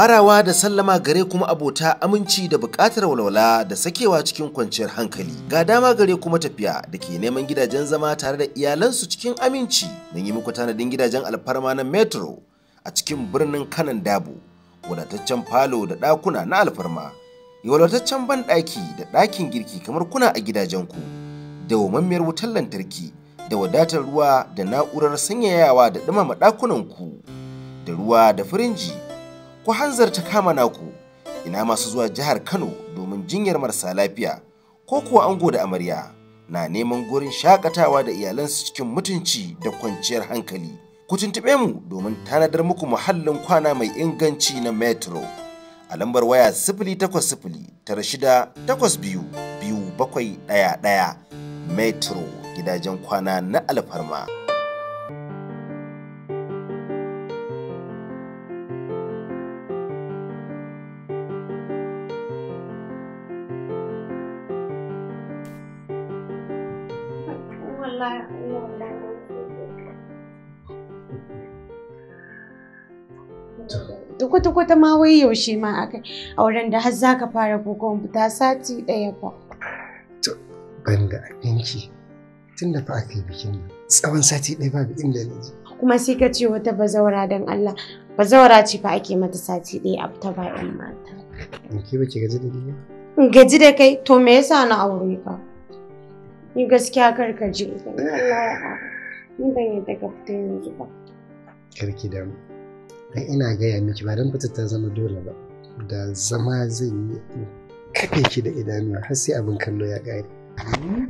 farawa da sallama gare kuma abota aminci da buƙatar walwala da sakewa cikin kwanciyar hankali ga dama gare kuma tafiya da ke neman gidajen zama tare da iyalansu cikin aminci mun yi muku tanadin gidajen alfarma na metro a cikin birnin kanan dabo wadataccen falo da ɗakuna na alfarma ban banɗaki da ɗakin girki kamar kuna a gidajenku da wamammiyar wutar lantarki da wadatar ruwa da na'urar sanyayawa da ɗumama ɗakunanku da ruwa da firinji ku hanzarta kama naku ina masu zuwa jihar Kano domin jinyar marasa lafiya ko kuwa ango da amarya na neman gurin shakatawa da iyalansu cikin mutunci da kwanciyar hankali. Ku tuntuɓe mu domin tanadar muku muhallin kwana mai inganci na Metro. A lambar waya sifili takwas sifili ɗaya ɗaya Metro gidajen kwana na alfarma. kwata-kwata ma wai yaushe ma a a auren da har zaka fara kokon fita sati ɗaya fa. To, ban da abinci tun da fa aka yi bikin nan tsawon sati ɗaya ba inda na je. Kuma sai ka ce wata bazawara don Allah bazawara ce fa ake mata sati ɗaya a fita ba ‘yan mata. In ke ba ke gaji da ni ba? Gaji da kai to me yasa na aure ka? Ni gaskiya kar ka je. Allah ya ni ban yadda ka fita yanzu ba. Kar ki damu. dan ina gaya miki ba dan fitar ta zama dole ba da zama zai yi kafe ki da idanuwa har sai abin kallo ya ƙare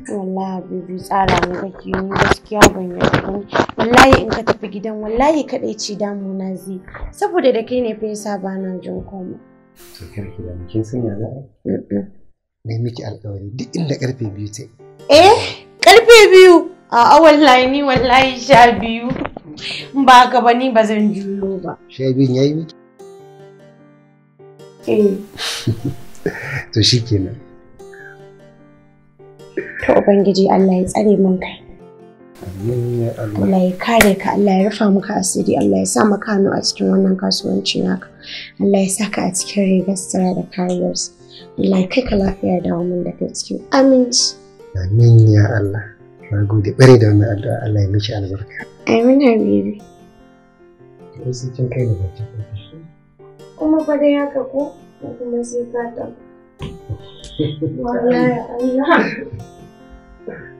wallahi bibi tsara ne kake ni gaskiya ban yarda ba wallahi in ka tafi gidan wallahi kadai ce na zai saboda da kai ne fa yasa ba na jin koma. to karki da kin san ya za'a ne miki alƙawari duk inda karfe biyu ta eh karfe biyu a wallahi ni wallahi sha biyu ba ka ba ni ba zan juyo ba. Shebin ya yi miki? Eh. To shi kenan. Ta Ubangiji Allah ya tsare min kai. Allah ya kare ka, Allah ya rufa muka asiri, Allah ya sa maka hannu a cikin wannan kasuwanci naka. Allah ya sa ka a cikin rigar sara da kariyarsa. Allah ya kai ka lafiya da mun da kai cikin aminci. Amin ya Allah. Na gode bare da wannan addu'a Allah ya miki albarka. Amin Habibi. Kai sai kin kai da Kuma fa dai haka ko? Ko kuma sai ka tafi.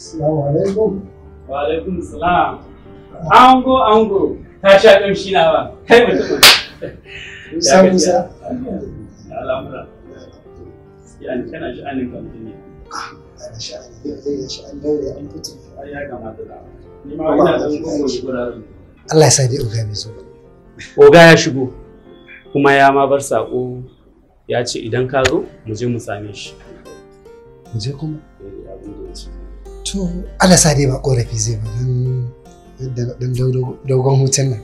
Assalamu Wa alaikum salam. Ango ango ta sha kamshi na ba. Kai mutum. Musa. Yani kana sha'anin kamshi ne. Allah ya sa dai oga mai zo. Oga ya shigo kuma ya ma bar sako, ya ce idan ka zo mu je mu same shi. Mu je kuma? Eh abin ya ce. to alasa dai ba korafi zai ba don dogon hutun nan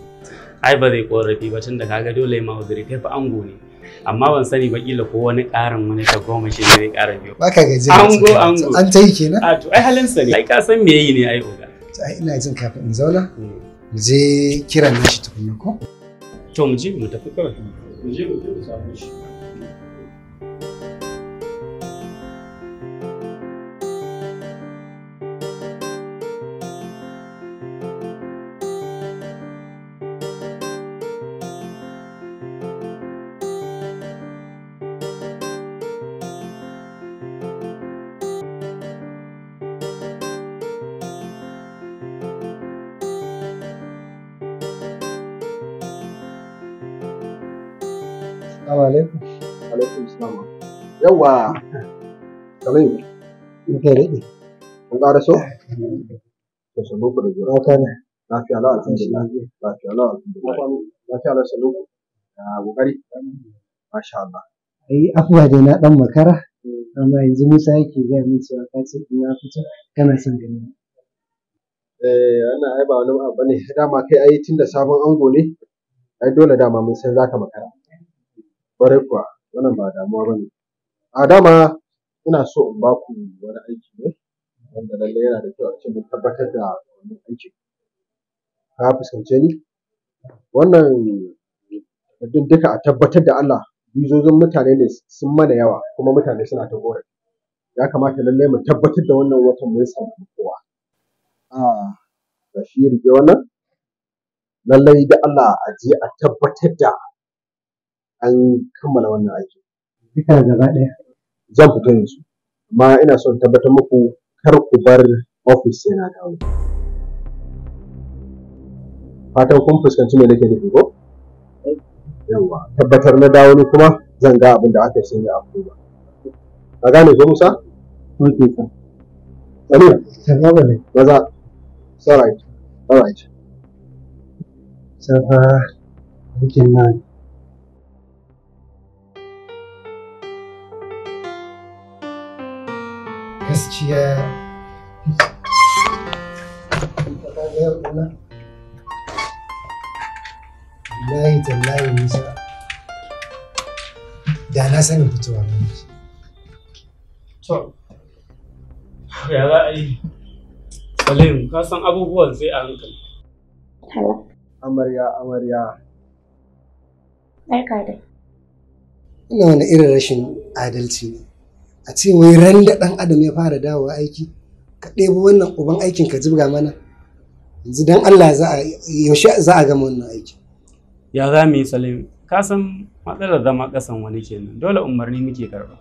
ai ba zai korafi ba tunda kaga dole ma uzuri kai fa ango ne amma ban sani ba kila ko wani karin wani ta goma shi zai kara Ba ka gaji ango ango an tai kenan a to ai halin sani. ne ai ka san me yayi ne ai oga ai ina jin kafin in zauna hmm. mu je kiran nashi tukunna ko to mu je mu tafi kawai mu je mu tafi samu shi Assalamu alaikum. Alaikum Yawwa. Salim. Mun ƙara so? Lafiya lawa alhamdulillah. Lafiya lawa Masha Allah. Ai afuwa dai na ɗan makara. yake cewa ina kana son Eh ana ai ba wani abu bane dama kai ai tunda sabon ango ne ai dole dama mun san zaka makara. Kwarai kuwa wannan ba damuwa bane. A dama ina so in ba ku wani aiki ne wanda lallai yana da kyau ce mun tabbatar da wannan aikin. Ka fuskance ni? Wannan takardun duka a tabbatar da Allah bizozin mutane ne sun mana yawa kuma mutane suna ta ƙorafi. Ya kamata lallai mu tabbatar da wannan watan mun samu kowa. Ah gashi riƙe wannan, lallai da Allah a je a tabbatar da an kammala wannan aiki duka gaba ɗaya zan fito yanzu amma ina son tabbatar muku kar ku bar ofis yana dawo fatan kun fuskanci me nake nufi ko Yawwa. tabbatar na dawo ni kuma zan ga abin da aka sanya a kuma. ka gane ko Musa ok sir Sani, sallama ne. Maza, alright, alright. Safa, bikin nan gaskiya wallahi tallahi nisa da na sanin fitowa na to ya za a yi salim ka san abubuwan sai a hankali amarya amarya barka da. ina wani irin rashin adalci ne a ce wai ran da ɗan adam ya fara dawowa aiki ka ɗebo wannan uban aikin ka zubga mana yanzu dan Allah za a yaushe za a gama wannan aiki ya za mu yi salim ka san matsalar zama ƙasan wani kenan dole umarni muke karɓa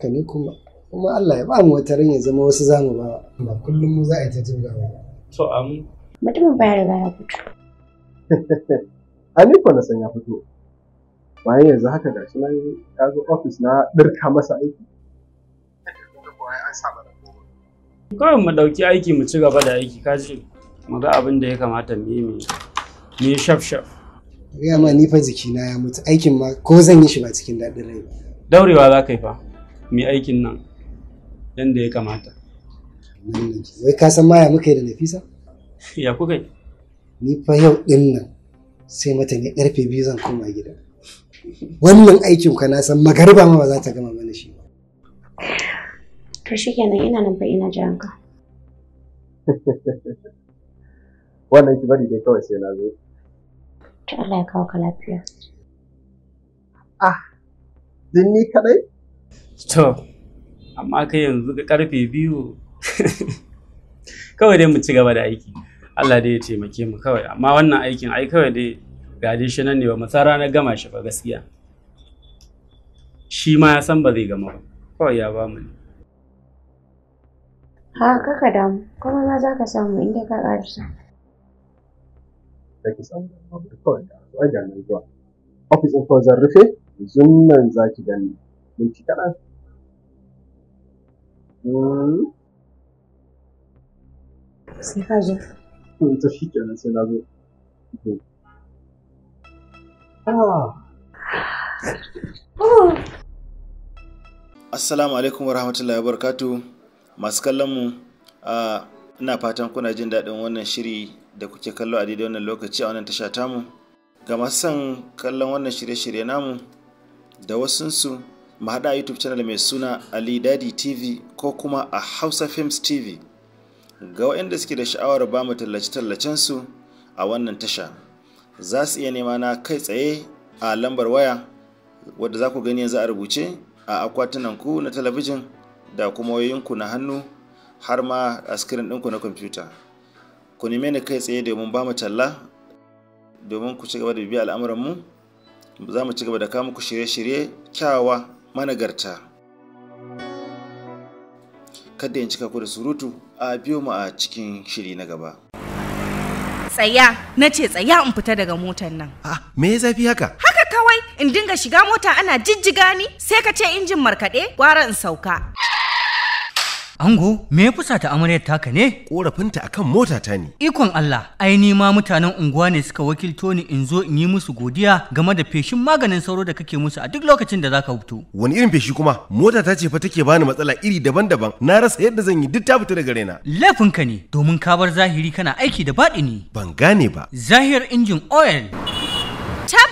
ka ne kuma kuma Allah ya ba mu wata ran ya zama wasu zamu ba ba kullum mu za a yi ta ba to amu mutumin ba ya riga ya fito a ni ko na san ya fito bayan yanzu haka ga shi nan ya zo ofis na ɗirka masa aiki kawai mu ɗauki aiki mu ci gaba da aiki kaji mu ga abin da ya kamata mu yi mu yi shaf shaf ya ma nifa jiki jikina ya mutu aikin ma ko zan yi shi ba cikin daɗin rai daurewa za ka yi fa mu aikin nan yadda ya kamata wai ka san maya muka yi da nafisa ya kuka yi ni fa yau ɗin nan sai mata ne ƙarfe biyu zan koma gida wannan aikin ka na san magariba ma ba za ta gama mana shi ba. to kenan ina nan fa ina jiran ka wannan ki bari dai kawai sai na zo to Allah ya kawo ka lafiya ah din ni kadai to amma kai yanzu ga karfe biyu kawai dai mu ci gaba da aiki Allah dai ya taimake mu kawai amma wannan aikin ai kawai dai shi nan ne ba mu san ranar gama shi ba gaskiya shi ma ya san ba zai gama ba kawai ya ba mu ne ha kaka damu kuma ma za ka samu inda ka ƙarisa da ki samu kawai da zuwa ga nan zuwa ofis ɗin kawai zan rufe zumman za ki gani minti kaɗan hmm. sai ka zo to shi kenan sai na Assalamu alaikum wa rahmatullahi wa barakatu masu kallonmu ina fatan kuna jin daɗin wannan shiri da kuke kallo a daidai wannan lokaci a wannan tasha tamu ga masu son kallon wannan shirye-shirye namu da wasunsu mu haɗa a youtube channel mai suna ali dadi tv ko kuma a hausa films tv ga waɗanda suke da sha'awar ba mu tallace-tallacensu a wannan tasha. za su iya nema na kai tsaye a lambar waya wadda za ku gani yanzu a rubuce a ku na talabijin da kuma wayoyinku na hannu har ma a skirin ɗinku na kwamfuta ku neme ni kai tsaye domin ba mu talla domin ku ci gaba da bibiya al'amuranmu za mu ci gaba da kama ku shirye-shirye kyawawa managarta kada yin cika ku da surutu a biyo mu a cikin shiri na gaba tsaya na ce tsaya in fita daga motan nan ah me ya zafi haka haka kawai in dinga shiga mota ana jijjiga ni sai ka ce injin markaɗe gwara in sauka Ango, me ya fusa ta amaryar taka ne? Ƙorafinta kan mota ta ne. Ikon Allah, ai ni ma mutanen unguwa ne suka wakilto ni in zo in yi musu godiya game da feshin maganin sauro da kake musu a duk lokacin da zaka fito. Wani irin feshi kuma? Mota ta ce fa take bani matsala iri daban-daban. Na rasa yadda zan yi duk ta fita daga raina. Laifinka ne, domin ka bar zahiri kana aiki da baɗi baɗini. Ban gane ba. Zahir injin oil. Tap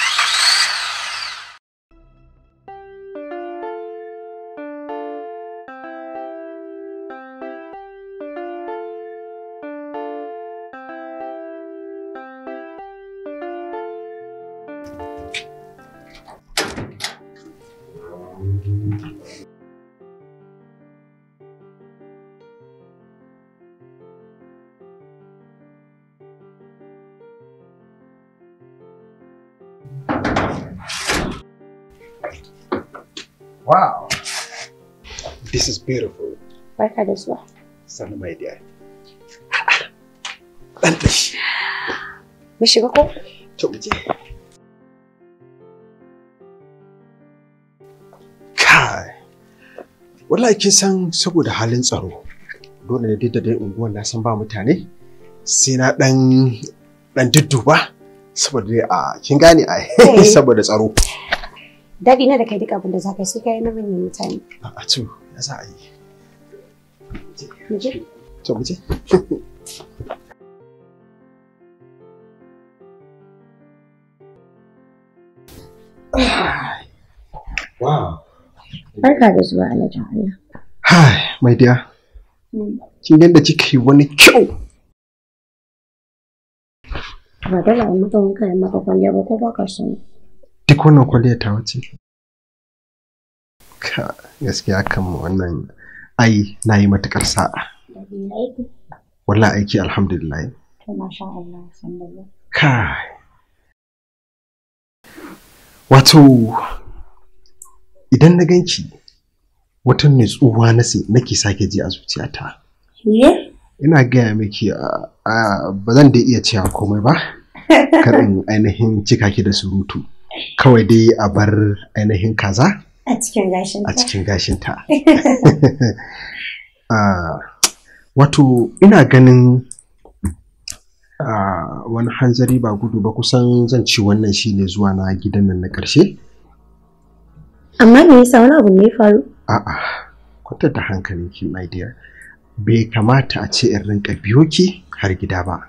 Wow. This is beautiful. Barka da zuwa. Sani my dear. Ɗan tashi. Mu shiga ko? To mu je. Kai. Wallahi kin san saboda halin tsaro dole ne duk da dai unguwar na san ba mutane sai na ɗan ɗan dudduba saboda a ah, kin gane a eh. saboda tsaro. Daɗi na da kai duk abin da za ka sai ka na manyan mutane. A to, ya za a yi. To, muje. Wow. Barka da zuwa lajin Allah. Hai, my dear. Mm. Kin yanda kika yi wani kyau. Ba dala in mutum kai maka kwalliya ba ko baka sani. duk wannan kwalliyar ta wuce ka gaskiya kan wannan ai na yi matukar sa'a aiki alhamdulillah ka wato idan na ganci wata nutsuwa na nake sake ji a zuciyata ina gaya miki ba zan da iya cewa komai ba karin ainihin cika ki da surutu kawai dai a bar ainihin kaza a cikin gashinta a ah, wato ina ganin ah, wani hanzari ba gudu ba kusan zan ci wannan shi ne zuwa na gidan nan na ƙarshe amma me yasa wani abu ne faru a'a kwata da hankalinki my dear bai kamata a ce in rinka biyo har gida ba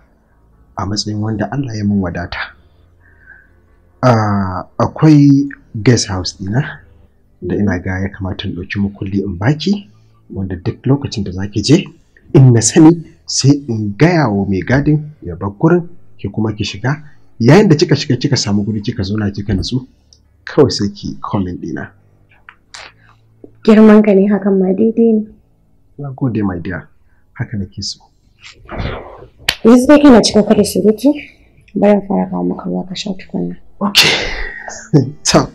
a matsayin wanda Allah ya mun wadata akwai guest house dina da ina ga ya kamata in ɗauki mukulli in baki wanda duk lokacin da zaki je in na sani sai in gaya wa mai gadin ya bar gurin ki kuma ki shiga yayin da kika shiga kika samu guri kika zauna kika nutsu kawai sai ki comment dina girman ka ne hakan ma daidai ne na gode my dear haka nake so yanzu dai kana cikin kada surutu bayan fara kawo maka ruwa ka sha tukunna Okay. Ciao.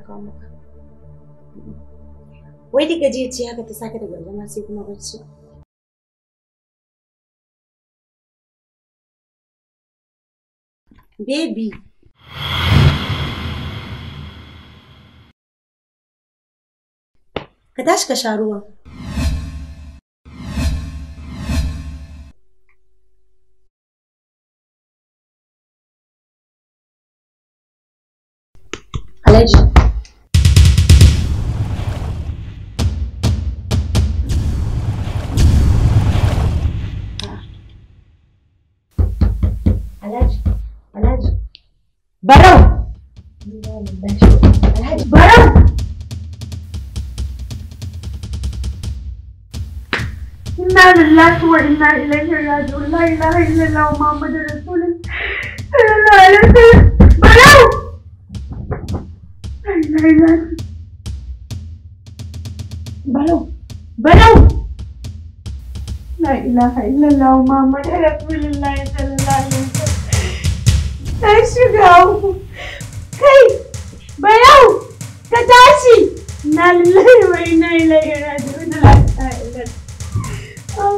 a kawo maka wai duk gajiyaci haka ta sake da gargama sai kuma barci baby ka tashi ka sha ruwan Alhaji. lillahi wa inna ilaihi raji'un la ilaha illallah oh, muhammadur rasulullah sallallahu alaihi wasallam barau barau barau ilaha illallah muhammadur rasulullah sallallahu alaihi wasallam na shiga uku kai barau ka tashi na lillahi wa inna ilaihi raji'un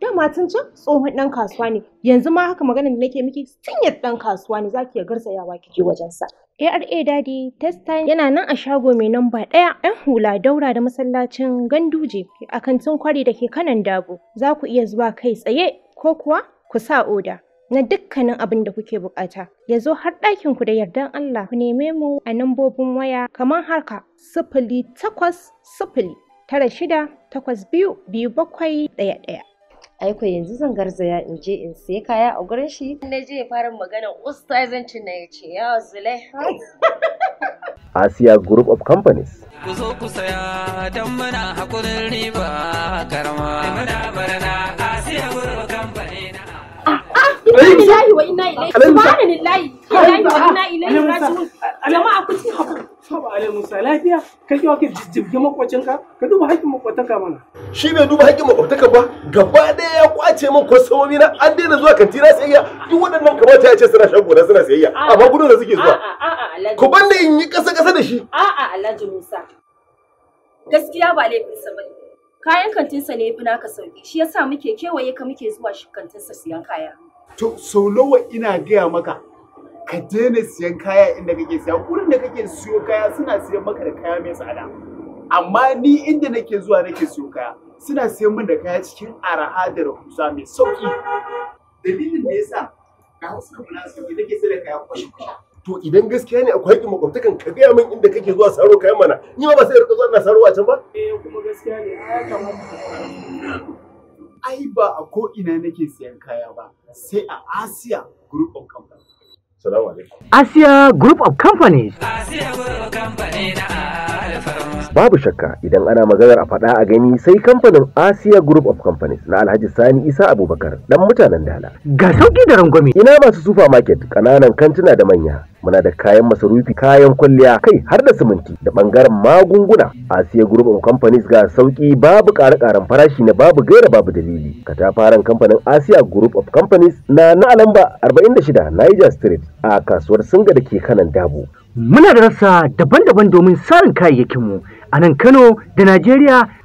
dama tun can tsohon dan kasuwa ne yanzu ma haka magana da nake miki yadda dan kasuwa ne zaki ya garzayawa kike wajen sa ARA Daddy time yana nan a shago mai namba ɗaya ‘yan hula daura da masallacin ganduje a kantin kwari da ke kanan dabo. Za ku iya zuwa kai tsaye ko kuwa ku sa oda na dukkanin abin da kuke bukata. Ya zo har ɗakin ku da yardan Allah ku neme mu a nambobin waya kamar haka, sifili takwas sifili tara shida takwas biyu biyu bakwai ɗaya ɗaya. aiko yanzu zan garzaya in je in sai kaya a gurin shi na je fara magana ustazancin na ya ce ya zulai Asia Group of Companies ku zo ku saya dan muna hakurin riba karma muna barana Asia Group of Companies inna lillahi wa inna ilaihi subhanallahi lillahi wa inna ilaihi raji'un jama'a ku ci haƙuri saba alai musa lafiya ka kiwa ka jijjibge makwacinka ka duba haƙƙin makwataka mana shi bai duba haƙƙin makwataka ba gaba ɗaya ya kwace min kwasomomi na an daina zuwa kantina sayayya duk waɗannan kamata ya ce suna shan gona suna sayayya amma gudun da suke zuwa ku banda in yi ƙasa ƙasa da shi a'a alhaji musa gaskiya ba laifinsa ba kayan kantinsa ne ya fi naka sauƙi. shi yasa muke kewaye ka muke zuwa shi kantinsa siyan kaya to sau nawa ina gaya maka ka daina siyan kaya inda kake siya wurin da kake siyo kaya suna siyan maka da kaya mai tsada amma ni inda nake zuwa nake siyo kaya suna siyan min da kaya cikin araha da rahusa mai sauki dalilin da yasa ga hausa kuma sauki nake sayar da kaya kwashe to idan gaskiya ne akwai haƙƙin makwabtakan ka gaya min inda kake zuwa saro kayan mana ni ma ba sai rika zuwa ina saro a can ba eh kuma gaskiya ne ya kamar ai ba a ko ina nake siyan kaya ba sai a Asia Group of Companies. Assalamu alaikum. Asia Group of Companies. Asia Group of Companies Babu shakka idan ana maganar a faɗa a gani sai kamfanin Asia Group of Companies na Alhaji Sani Isa Abubakar dan mutanen Dala. Ga sauki da rangwame. Ina masu market kananan kantuna da manya. muna da kayan masarufi kayan kwalliya kai har da siminti da bangaren magunguna asiya group of companies ga sauki babu ƙara ƙaran farashi na babu gaira babu dalili katafaren kamfanin asia group of companies na na alamba 46 niger street a kasuwar singa da ke kanan dabu. muna da rasa daban-daban domin sarin kayayyakinmu a nan kano da najeriya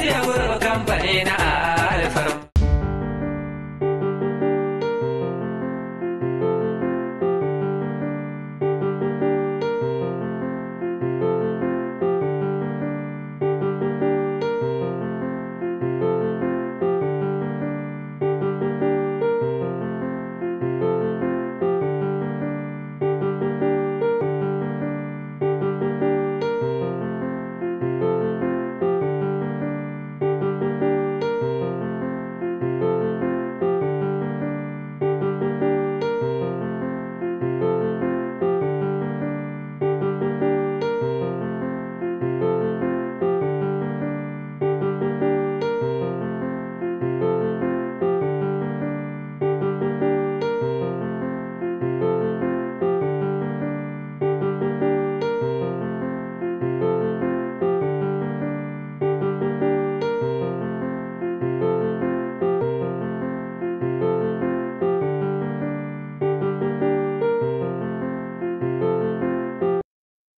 siya gurbi kamfani na